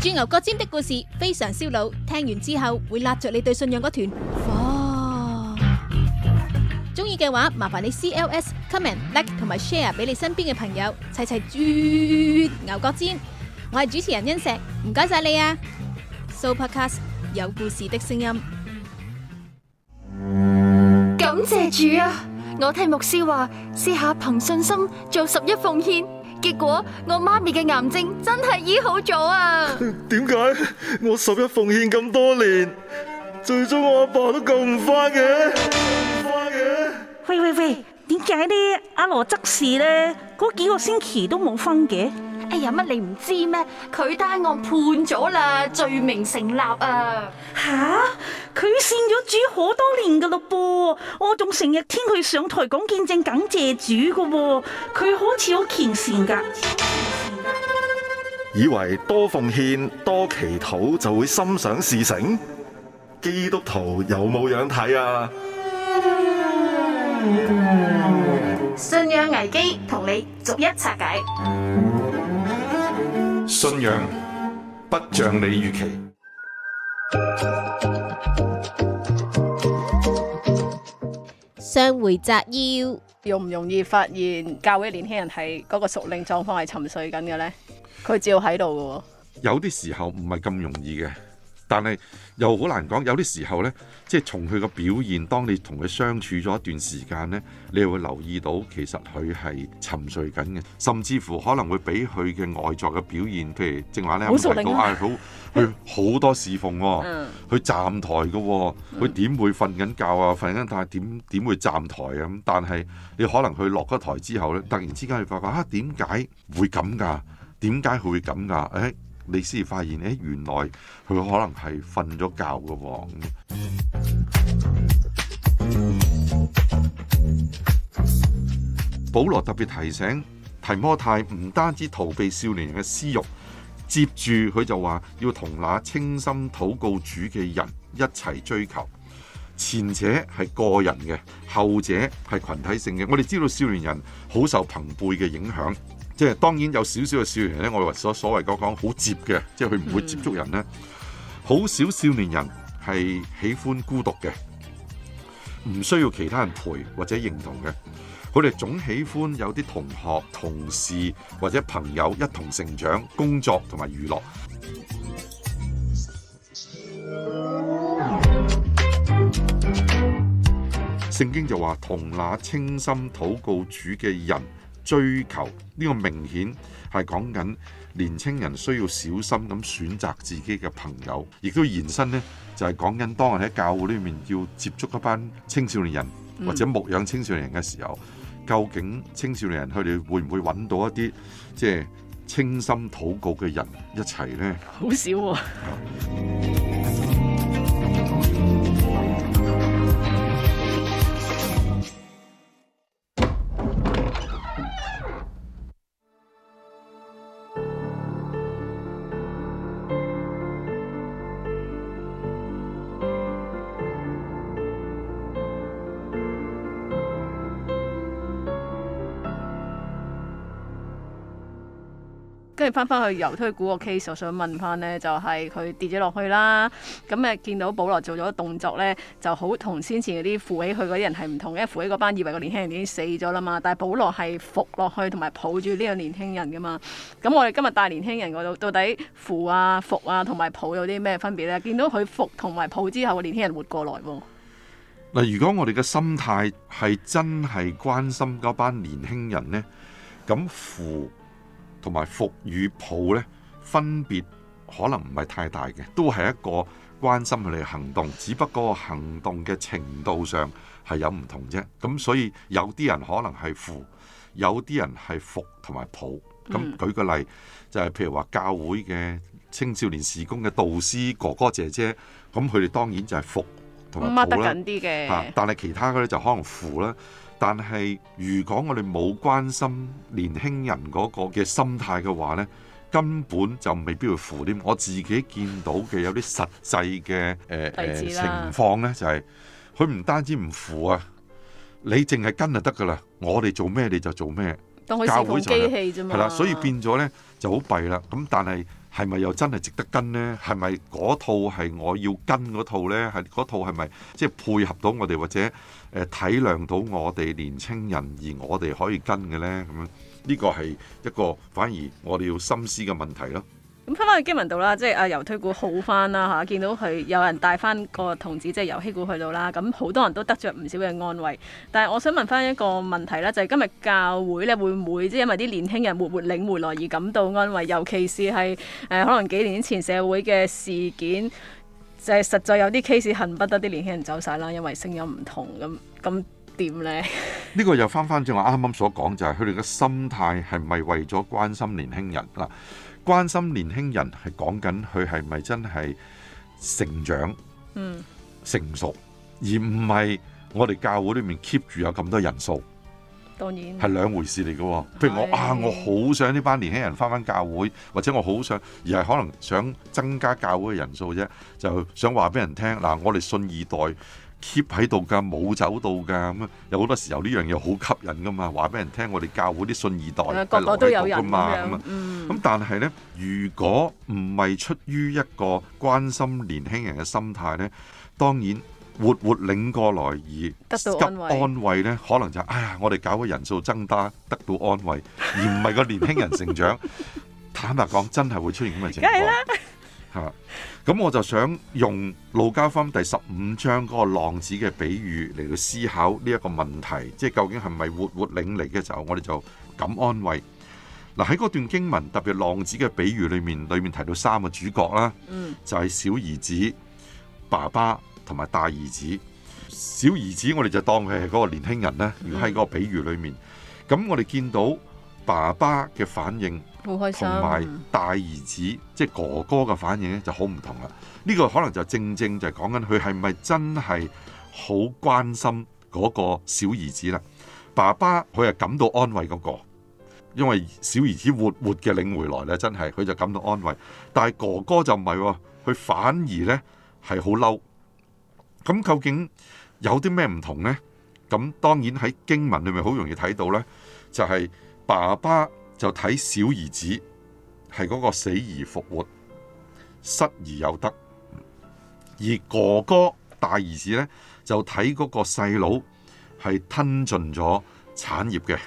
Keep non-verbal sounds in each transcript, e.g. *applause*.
鑽牛角尖的故事非常燒腦，聽完之後會辣着你對信仰嗰團火。中意嘅話，麻煩你 C L S comment like 同埋 share 俾你身邊嘅朋友，齊齊鑽牛角尖。我係主持人恩石，唔該晒你啊！Sooopodcast 有故事的聲音，感謝主啊！我聽牧師話，試下憑信心做十一奉獻。結果我媽咪嘅癌症真係醫好咗啊！點解我十一奉獻咁多年，最終我阿爸都救唔返嘅！救唔返嘅！喂喂喂，點解呢，阿羅執事呢嗰幾個星期都冇分嘅？哎呀，乜你唔知咩？佢單案判咗啦，罪名成立啊！吓、啊！佢善咗主好多年噶咯噃，我仲成日聽佢上台講見證感謝主噶，佢好似好虔誠噶。以為多奉獻多祈禱就會心想事成，基督徒有冇樣睇啊？信仰危機同你逐一拆解，信仰不像你預期。上回摘要，容唔容易發現教會年輕人係嗰個屬靈狀況係沉睡緊嘅咧？佢照喺度嘅。有啲時候唔係咁容易嘅。但係又好難講，有啲時候呢，即係從佢嘅表現，當你同佢相處咗一段時間呢，你又會留意到其實佢係沉睡緊嘅，甚至乎可能會俾佢嘅外在嘅表現，譬如正話呢，好受定啊，好佢好多侍奉喎、哦，佢站台嘅、哦，佢、嗯、點會瞓緊覺啊？瞓緊，但係點點會站台啊？咁，但係你可能佢落咗台之後呢，突然之間你發覺啊，點解會咁㗎？點解佢會咁㗎？誒、哎！你先發現，誒，原來佢可能係瞓咗覺嘅喎。保羅特別提醒提摩太，唔單止逃避少年人嘅私欲，接住佢就話要同那清心禱告主嘅人一齊追求。前者係個人嘅，後者係群體性嘅。我哋知道少年人好受朋輩嘅影響。即係當然有少少嘅少年人咧，我話所所謂講講好接嘅，即係佢唔會接觸人咧，好、嗯、少少年人係喜歡孤獨嘅，唔需要其他人陪或者認同嘅，佢哋總喜歡有啲同學、同事或者朋友一同成長、工作同埋娛樂、嗯。聖經就話：同那清心禱告主嘅人。追求呢，這個明顯係講緊年青人需要小心咁選擇自己嘅朋友，亦都延伸咧，就係講緊當人喺教會裏面要接觸一班青少年人或者牧養青少年人嘅時候，究竟青少年人佢哋會唔會揾到一啲即係清心禱告嘅人一齊咧？好少啊！翻翻去猶推古個 case，我想問翻呢就係、是、佢跌咗落去啦，咁誒見到保羅做咗動作呢，就好同先前嗰啲扶起佢嗰啲人係唔同，因為扶起嗰班以為個年輕人已經死咗啦嘛，但係保羅係伏落去同埋抱住呢個年輕人噶嘛，咁我哋今日帶年輕人嗰度到底扶啊伏啊同埋抱有啲咩分別呢？見到佢伏同埋抱之後，個年輕人活過來喎。嗱，如果我哋嘅心態係真係關心嗰班年輕人呢？咁扶。同埋服與抱呢，分別可能唔係太大嘅，都係一個關心佢哋行動，只不過行動嘅程度上係有唔同啫。咁所以有啲人可能係服，有啲人係服同埋抱。咁舉個例就係、是、譬如話教會嘅青少年事工嘅導師哥哥姐姐，咁佢哋當然就係服同埋抱緊啲嘅，但係其他嘅啲就可能服啦。但係，如果我哋冇關心年輕人嗰個嘅心態嘅話呢，根本就未必會扶啲。我自己見到嘅有啲實際嘅誒誒情況呢，就係佢唔單止唔扶啊，你淨係跟就得㗎喇。我哋做咩你就做咩，教會就係啦。所以變咗呢就好弊啦。咁但係係咪又真係值得跟呢？係咪嗰套係我要跟嗰套呢？係嗰套係咪即係配合到我哋或者？誒體諒到我哋年青人，而我哋可以跟嘅呢，咁樣呢個係一個反而我哋要深思嘅問題咯。咁翻返去經文度啦，即係阿猶推古好翻啦嚇，見到佢有人帶翻個童子，即係由希股去到啦，咁好多人都得著唔少嘅安慰。但係我想問翻一個問題啦，就係、是、今日教會咧會唔會即係、就是、因為啲年輕人活活領回來而感到安慰？尤其是係誒可能幾年前社會嘅事件。就係、是、實在有啲 case，恨不得啲年輕人走晒啦，因為聲音唔同咁咁點呢？呢、這個又翻翻正我啱啱所講，就係佢哋嘅心態係咪為咗關心年輕人啦？關心年輕人係講緊佢係咪真係成長、嗯、成熟，而唔係我哋教會裏面 keep 住有咁多人數。係兩回事嚟嘅，哦，譬如我啊，我好想呢班年輕人翻返教會，或者我好想，而係可能想增加教會嘅人數啫，就想話俾人聽嗱，我哋信二代 keep 喺度噶，冇走到噶，咁有好多時候呢樣嘢好吸引噶嘛，話俾人聽我哋教會啲信二代個個都留喺度噶嘛，咁、嗯、但係呢，如果唔係出於一個關心年輕人嘅心態呢，當然。活活領過來而得安慰咧，可能就唉、哎，我哋搞嘅人數增加得到安慰，而唔係個年輕人成長。 *laughs* 坦白講，真係會出現咁嘅情況。梗係、啊、我就想用路加福音第十五章嗰個浪子嘅比喻嚟到思考呢一個問題，即、就、係、是、究竟係咪活活領嚟嘅時候，我哋就敢安慰嗱？喺嗰段經文，特別浪子嘅比喻裏面，裏面提到三個主角啦、嗯，就係、是、小兒子、爸爸。同埋大兒子、小兒子，我哋就當佢係嗰個年輕人呢。如果喺個比喻裏面，咁我哋見到爸爸嘅反應，同埋大兒子即係哥哥嘅反應咧，就好唔同啦。呢個可能就正正就係講緊佢係咪真係好關心嗰個小兒子啦？爸爸佢係感到安慰嗰個，因為小兒子活活嘅領回來咧，真係佢就感到安慰。但係哥哥就唔係，佢反而呢係好嬲。咁究竟有啲咩唔同呢？咁當然喺經文裏面好容易睇到呢就係爸爸就睇小兒子係嗰個死而復活、失而有得，而哥哥大兒子呢，就睇嗰個細佬係吞盡咗產業嘅。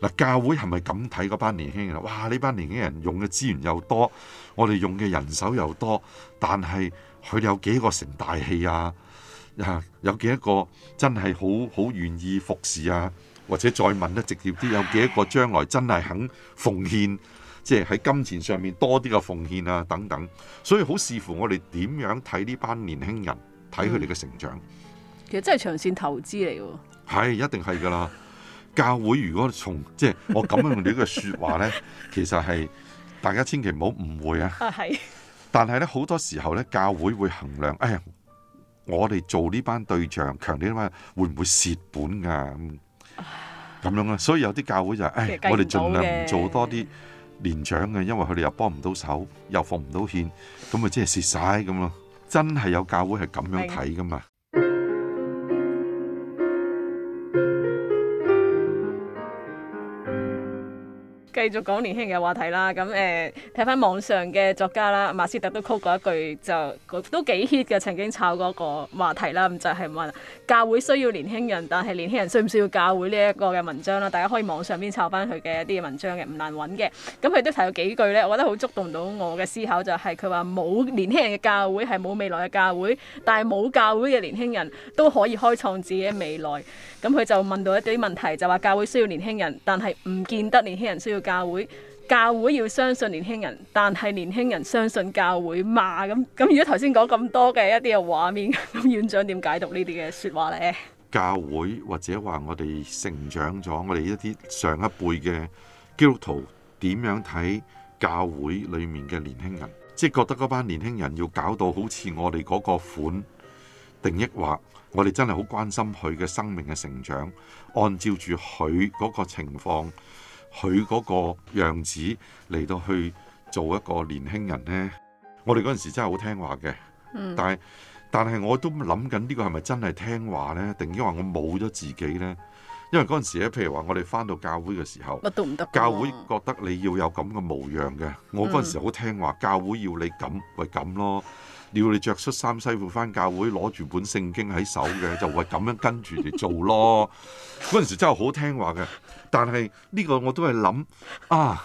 嗱，教會係咪咁睇嗰班年輕人？哇！呢班年輕人用嘅資源又多，我哋用嘅人手又多，但係，佢哋有幾多個成大器啊？啊，有幾多個真係好好願意服侍啊？或者再問得直接啲，有幾多個將來真係肯奉獻，即係喺金錢上面多啲嘅奉獻啊等等。所以好視乎我哋點樣睇呢班年輕人，睇佢哋嘅成長、嗯。其實真係長線投資嚟喎。係，一定係噶啦。教會如果從即係、就是、我咁樣用呢個説話咧， *laughs* 其實係大家千祈唔好誤會啊。啊，但係咧，好多時候咧，教會會衡量，哎呀，我哋做呢班對象，強烈嘛，會唔會蝕本㗎？咁樣啊，所以有啲教會就，哎，我哋盡量唔做多啲年長嘅，因為佢哋又幫唔到手，又奉唔到獻，咁咪，即係蝕晒咁咯。真係有教會係咁樣睇噶嘛？繼續講年輕人嘅話題啦，咁誒睇翻網上嘅作家啦，馬斯特都曲過一句就都幾 hit 嘅，曾經炒過一個話題啦，咁就係問教會需要年輕人，但係年輕人需唔需要教會呢一個嘅文章啦，大家可以網上邊抄翻佢嘅一啲文章嘅，唔難揾嘅。咁佢都提咗幾句呢，我覺得好觸動到我嘅思考，就係佢話冇年輕人嘅教會係冇未來嘅教會，但係冇教會嘅年輕人都可以開創自己嘅未來。咁佢就問到一啲問題，就話教會需要年輕人，但係唔見得年輕人需要。教會，教會要相信年輕人，但係年輕人相信教會嘛，罵咁咁。如果頭先講咁多嘅一啲嘅畫面，院長點解讀呢啲嘅說話呢？教會，或者話我哋成長咗，我哋一啲上一輩嘅基督徒點樣睇教會裏面嘅年輕人？即係覺得嗰班年輕人要搞到好似我哋嗰個款定抑或我哋真係好關心佢嘅生命嘅成長，按照住佢嗰個情況。佢嗰個樣子嚟到去做一個年輕人呢，我哋嗰陣時真係好聽話嘅、嗯。但係但係我都諗緊呢個係咪真係聽話呢？定抑話我冇咗自己呢？因為嗰陣時咧，譬如話我哋翻到教會嘅時候，乜都唔得。教會覺得你要有咁嘅模樣嘅。我嗰陣時好聽話、嗯，教會要你咁，咪咁咯。要你着恤衫西褲返教會，攞住本聖經喺手嘅，就會咁樣跟住你做咯。嗰 *laughs* 陣時真係好聽話嘅，但係呢個我都係諗啊，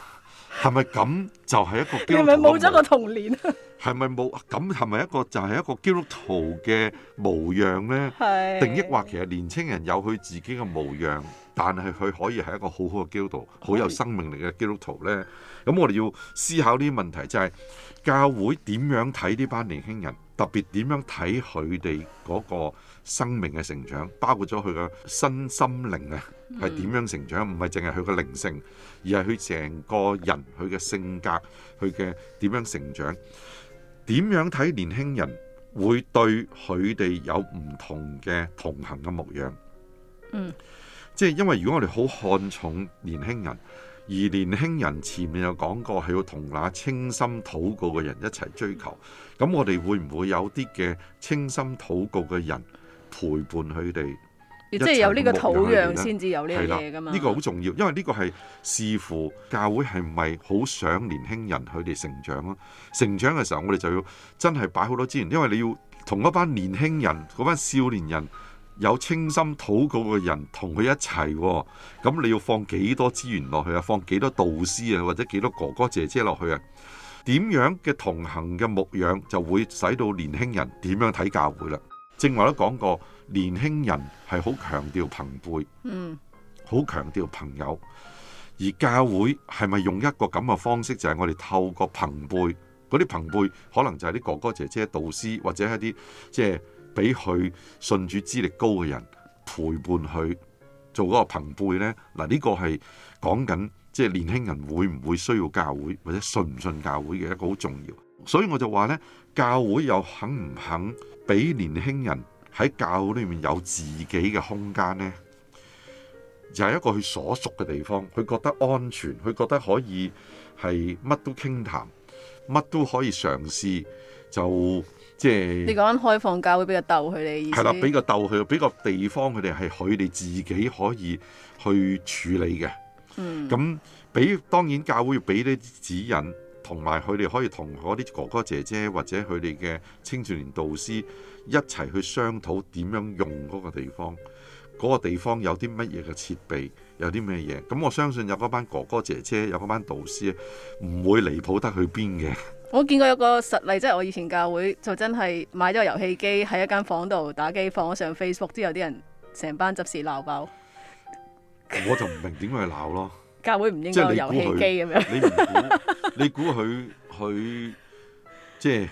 係咪咁就係一個？係咪冇咗個童年啊？係咪冇咁，係咪一個就係一個基督徒嘅模樣咧？係 *laughs* 定抑或其實年青人有佢自己嘅模樣，但係佢可以係一個好好嘅基督徒，好有生命力嘅基督徒咧。咁我哋要思考呢啲問題，就係、是、教會點樣睇呢班年輕人，特別點樣睇佢哋嗰個生命嘅成長，包括咗佢嘅身心靈啊，係點樣成長？唔係淨係佢嘅靈性，而係佢成個人佢嘅性格，佢嘅點樣成長？點樣睇年輕人會對佢哋有唔同嘅同行嘅模樣？即、嗯、係、就是、因為如果我哋好看重年輕人。而年輕人前面有講過，係要同那清心禱告嘅人一齊追求，咁我哋會唔會有啲嘅清心禱告嘅人陪伴佢哋？即係有呢個土壤先至有呢樣嘢噶嘛？呢個好重要，因為呢個係視乎教會係唔係好想年輕人佢哋成長咯。成長嘅時候，我哋就要真係擺好多資源，因為你要同一班年輕人嗰班少年人。有清心禱告嘅人同佢一齊，哦，咁你要放幾多資源落去啊？放幾多導師啊？或者幾多哥哥姐姐落去啊？點樣嘅同行嘅牧養就會使到年輕人點樣睇教會啦？正話都講過，年輕人係好強調朋輩，嗯，好強調朋友，而教會係咪用一個咁嘅方式？就係、是、我哋透過朋輩，嗰啲朋輩可能就係啲哥哥姐姐、導師或者一啲即係。就係俾佢信主資歷高嘅人陪伴佢做嗰個朋輩呢。嗱，呢個係講緊即係年輕人會唔會需要教會或者信唔信教會嘅一個好重要，所以我就話呢，教會又肯唔肯俾年輕人喺教會裏面有自己嘅空間呢？又係一個佢所屬嘅地方，佢覺得安全，佢覺得可以係乜都傾談，乜都可以嘗試就。即係你講緊開放教會俾個竇佢哋嘅意思，係啦，俾個竇佢，俾個地方佢哋係佢哋自己可以去處理嘅。咁、嗯、俾當然教會要俾啲指引，同埋佢哋可以同嗰啲哥哥姐姐或者佢哋嘅青少年導師一齊去商討點樣用嗰個地方，嗰個地方有啲乜嘢嘅設備，有啲咩嘢。咁我相信有嗰班哥哥姐姐，有嗰班導師唔會離譜得去邊嘅。我見過有個實例，即係我以前教會就真係買咗個遊戲機喺一間房度打機，放咗上 Facebook，都有啲人成班即時鬧爆。我就唔明點解係鬧咯？教會唔應該有遊戲機咁樣？你估，你估佢，佢即係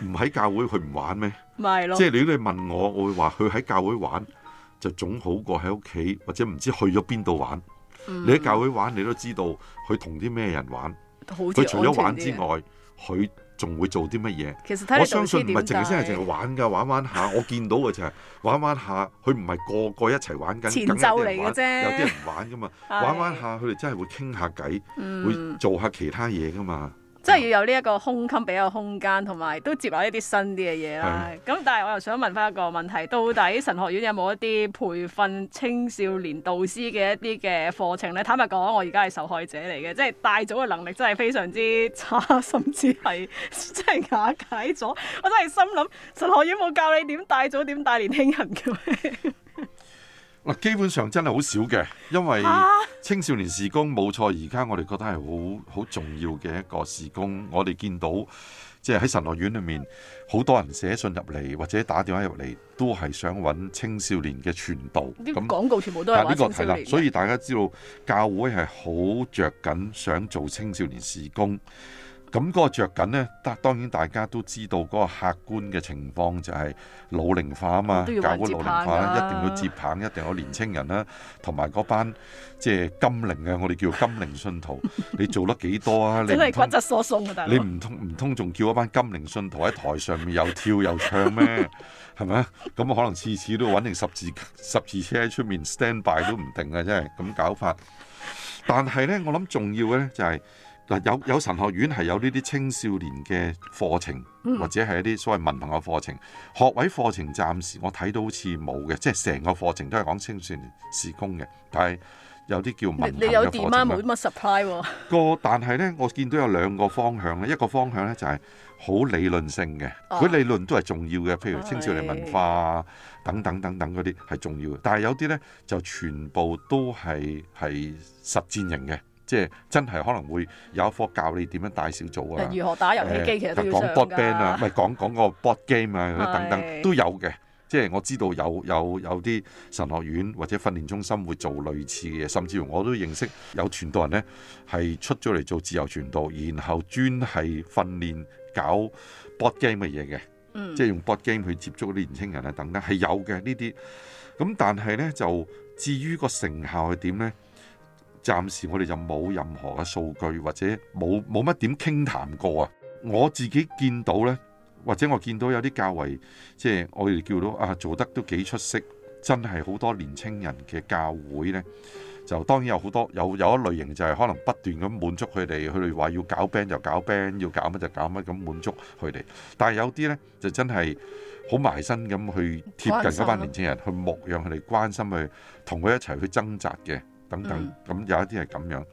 唔喺教會佢唔玩咩？係咯？即係如果你問我，我會話佢喺教會玩就總好過喺屋企或者唔知去咗邊度玩。嗯、你喺教會玩，你都知道佢同啲咩人玩。佢除咗玩之外，佢仲會做啲乜嘢？我相信唔係淨係真係淨係玩㗎，玩玩下。 *laughs* 我見到嘅就係玩玩下，佢唔係個個一齊玩緊，有啲嚟嘅啫。有啲人唔玩㗎嘛，玩玩下佢哋 *laughs* *laughs* 真係會傾下偈，會做下其他嘢㗎嘛。即係要有呢一個胸襟俾個空間，同埋都接納一啲新啲嘅嘢啦。咁但係我又想問翻一個問題，到底神學院有冇一啲培訓青少年導師嘅一啲嘅課程呢？坦白講，我而家係受害者嚟嘅，即係帶組嘅能力真係非常之差，甚至係 *laughs* 真係瓦解咗。我真係心諗神學院冇教你點帶組，點帶年輕人嘅咩？ *laughs* 基本上真係好少嘅，因為青少年事工冇錯，而家我哋覺得係好好重要嘅一個事工。我哋見到，即係喺神學院裏面，好多人寫信入嚟或者打電話入嚟，都係想揾青少年嘅傳道。啲廣告全部都係揾。但係呢個係啦，所以大家知道教會係好着緊想做青少年事工。咁、那、嗰個著緊咧，得當然大家都知道嗰個客觀嘅情況就係老齡化啊嘛，啊搞到老齡化咧，一定要接棒，一定要年青人啦、啊，同埋嗰班即係金齡嘅，我哋叫金齡信徒，你做得幾多啊？ *laughs* 你真係骨質疏鬆啊大佬！你唔通唔通仲叫嗰班金齡信徒喺台上面又跳又唱咩？係咪啊？咁可能次次都揾定十字十字車喺出面 stand by 都唔定嘅，真係咁搞法。但係呢，我諗重要呢就係、是。嗱，有有神學院係有呢啲青少年嘅課程，或者係一啲所謂文憑嘅課程。學位課程暫時我睇到好似冇嘅，即係成個課程都係講青少年事工嘅。但係有啲叫文憑，你有電馬冇乜 supply 個？但係咧，我見到有兩個方向咧，一個方向咧就係好理論性嘅，佢理論都係重要嘅，譬如青少年文化等等等等嗰啲係重要嘅。但係有啲咧就全部都係係實踐型嘅。即係真係可能會有一科教你點樣帶小組啊，如何打遊戲機、呃、其實講，講 board band 啊，唔係講講個 board game 啊，等等的都有嘅。即係我知道有有有啲神學院或者訓練中心會做類似嘅嘢，甚至乎我都認識有傳道人咧係出咗嚟做自由傳道，然後專係訓練搞 board game 嘅嘢嘅。即係用 board game 去接觸啲年輕人啊，等等係有嘅呢啲。咁但係咧就至於個成效係點咧？暫時我哋就冇任何嘅數據，或者冇冇乜點傾談過啊。我自己見到呢，或者我見到有啲較為即係我哋叫做啊，做得都幾出色，真係好多年青人嘅教會呢，就當然有好多有有一類型就係可能不斷咁滿足佢哋，佢哋話要搞 band 就搞 band，要搞乜就搞乜咁滿足佢哋。但係有啲呢就真係好埋身咁去貼近嗰班年青人，去牧養佢哋，關心佢，去同佢一齊去掙扎嘅。等等咁有一啲係咁樣，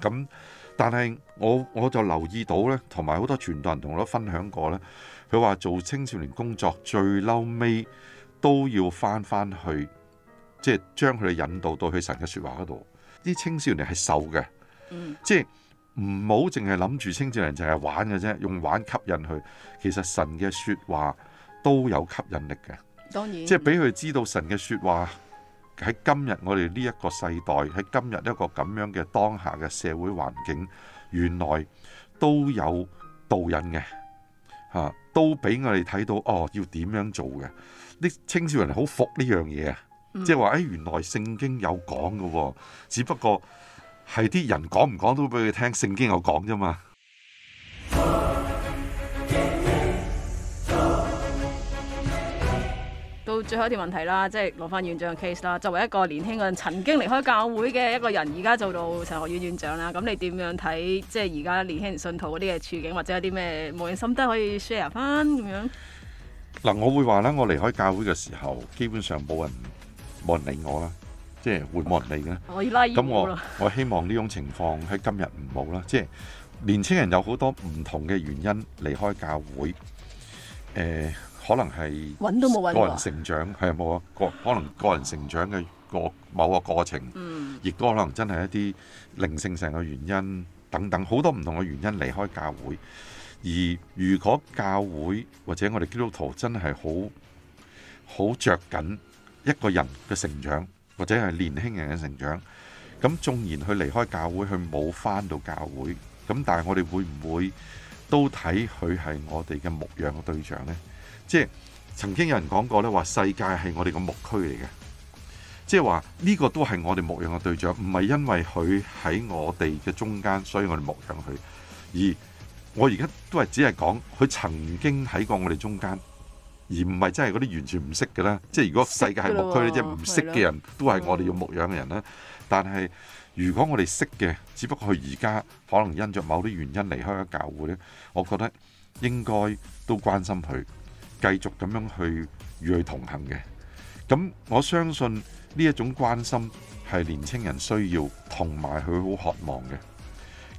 咁、嗯、但係我我就留意到呢，同埋好多傳道人同我都分享過呢，佢話做青少年工作最嬲尾都要翻翻去，即係將佢哋引導到去神嘅説話嗰度。啲青少年係受嘅，即係唔好淨係諗住青少年淨係玩嘅啫，用玩吸引佢。其實神嘅説話都有吸引力嘅，當然即係俾佢知道神嘅説話。喺今日我哋呢一個世代，喺今日一個咁樣嘅當下嘅社會環境，原來都有導引嘅嚇，都俾我哋睇到哦，要點樣做嘅？啲青少年好服呢樣嘢啊，即係話誒，原來聖經有講㗎喎，只不過係啲人講唔講都俾佢聽，聖經有講啫嘛。最後一條問題啦，即係攞翻院長嘅 case 啦。作為一個年輕人，曾經離開教會嘅一個人，而家做到神學院院長啦。咁你點樣睇？即係而家年輕人信徒嗰啲嘅處境，或者有啲咩無形心得可以 share 翻咁樣？嗱，我會話啦，我離開教會嘅時候，基本上冇人冇人理我啦，即係會冇人理嘅。我拉衣服啦。咁我我希望呢種情況喺今日唔好啦。即係年輕人有好多唔同嘅原因離開教會。誒。可能係個人成長，係有冇啊？個可能個人成長嘅個某個過程，亦都可能真係一啲靈性上嘅原因等等，好多唔同嘅原因離開教會。而如果教會或者我哋基督徒真係好好著緊一個人嘅成長，或者係年輕人嘅成長，咁縱然佢離開教會，佢冇翻到教會，咁但係我哋會唔會都睇佢係我哋嘅牧養嘅對象呢？即係曾經有人講過咧，話世界係我哋個牧區嚟嘅，即係話呢個都係我哋牧養嘅對象，唔係因為佢喺我哋嘅中間，所以我哋牧養佢。而我而家都係只係講佢曾經喺過我哋中間，而唔係真係嗰啲完全唔識嘅啦。即係如果世界係牧區咧，即係唔識嘅人都係我哋要牧養嘅人啦。但係如果我哋識嘅，只不過佢而家可能因着某啲原因離開咗教會咧，我覺得應該都關心佢。繼續咁樣去與佢同行嘅，咁我相信呢一種關心係年青人需要同埋佢好渴望嘅。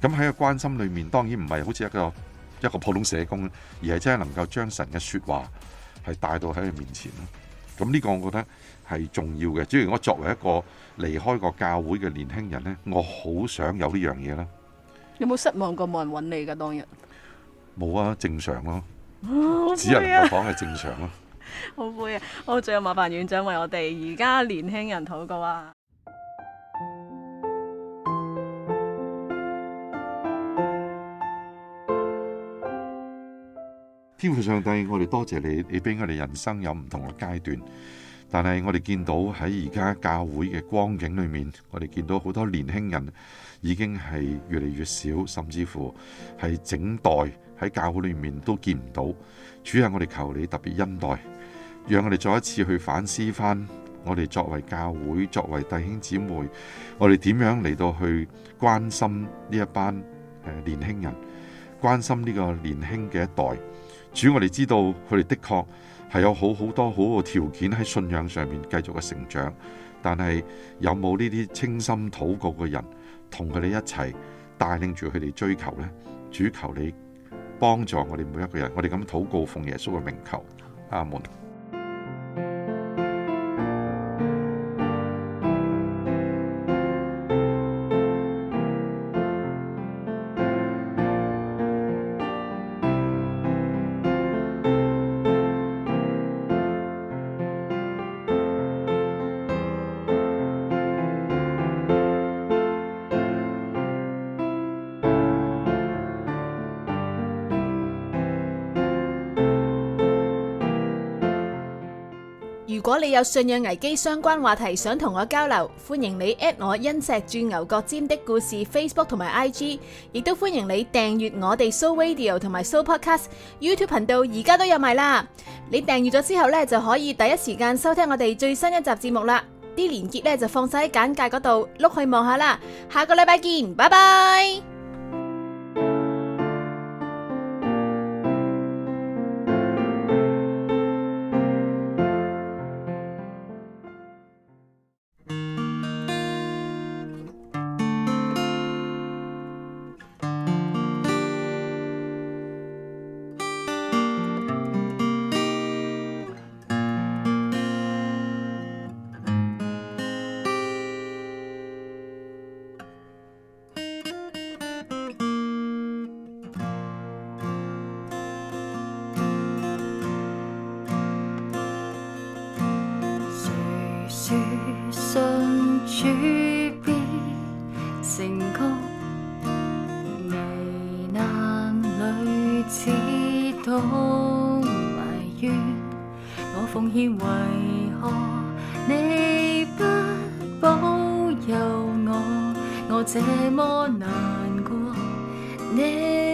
咁喺個關心裏面，當然唔係好似一個一個普通社工，而係真係能夠將神嘅說話係帶到喺佢面前咯。咁呢個我覺得係重要嘅。至於我作為一個離開個教會嘅年輕人呢，我好想有呢樣嘢啦。有冇失望過冇人揾你㗎當日？冇啊，正常咯。啊、只能夠講係正常咯、啊，好攰啊！我最後麻煩院長為我哋而家年輕人禱告啊！天父上帝，我哋多謝你，你俾我哋人生有唔同嘅階段。但係我哋見到喺而家教會嘅光景裏面，我哋見到好多年輕人已經係越嚟越少，甚至乎係整代。喺教會裏面都見唔到主啊！我哋求你特別恩待，讓我哋再一次去反思翻我哋作為教會、作為弟兄姊妹，我哋點樣嚟到去關心呢一班誒年輕人，關心呢個年輕嘅一代。主，我哋知道佢哋的確係有好好多好嘅條件喺信仰上面繼續嘅成長，但係有冇呢啲清心禱告嘅人同佢哋一齊帶領住佢哋追求呢？主求你。幫助我哋每一個人，我哋咁禱告奉耶穌嘅名求，阿門。如果你有信仰危機相關話題想同我交流，歡迎你 at 我《恩石鑽牛角尖的故事》Facebook 同埋 IG，亦都歡迎你訂閱我哋 Sooo Radio 同埋 Sooo Podcast YouTube 頻道，而家都有埋啦。你訂閱咗之後咧，就可以第一時間收聽我哋最新一集節目啦。啲連結咧就放晒喺簡介嗰度，碌去望下啦。下個禮拜見，拜拜。埋怨我奉獻，為何你不保佑我？我這麼難過，你。